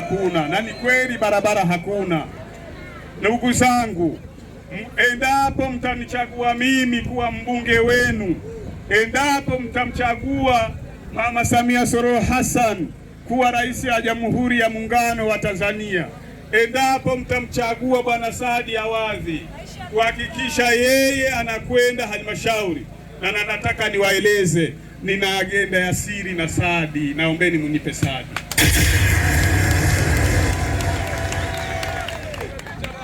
hakuna, na ni kweli barabara hakuna. Ndugu zangu, endapo mtanichagua mimi kuwa mbunge wenu, endapo mtamchagua Mama Samia Suluhu Hassan kuwa rais wa Jamhuri ya Muungano wa Tanzania, endapo mtamchagua Bwana Saadi Awadhi kuhakikisha yeye anakwenda halmashauri, na nataka niwaeleze nina agenda ya siri na Saadi, naombeni munipe Saadi.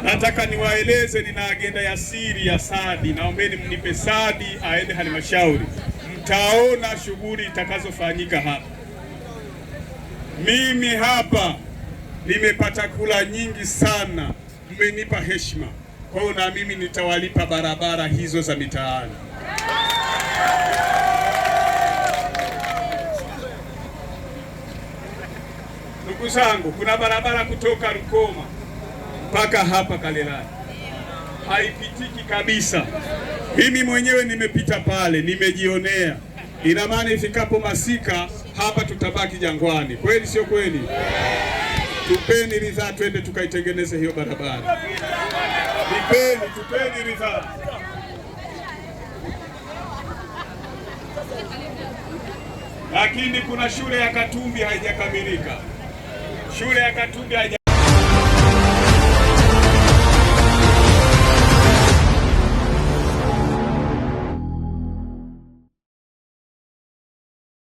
Nataka niwaeleze nina agenda ya siri ya Sadi. Naombeni mnipe Sadi aende halmashauri, mtaona shughuli itakazofanyika hapa. Mimi hapa nimepata kula nyingi sana, mmenipa heshima. Kwa hiyo na mimi nitawalipa barabara hizo za mitaani. Ndugu zangu, kuna barabara kutoka Rukoma mpaka hapa Kalelani, haipitiki kabisa. Mimi mwenyewe nimepita pale, nimejionea. Ina maana ifikapo masika hapa tutabaki jangwani, kweli sio kweli? Tupeni ridhaa, twende tukaitengeneze hiyo barabara. Tupeni, tupeni ridhaa. Lakini kuna shule ya Katumbi haijakamilika, shule ya Katumbi haija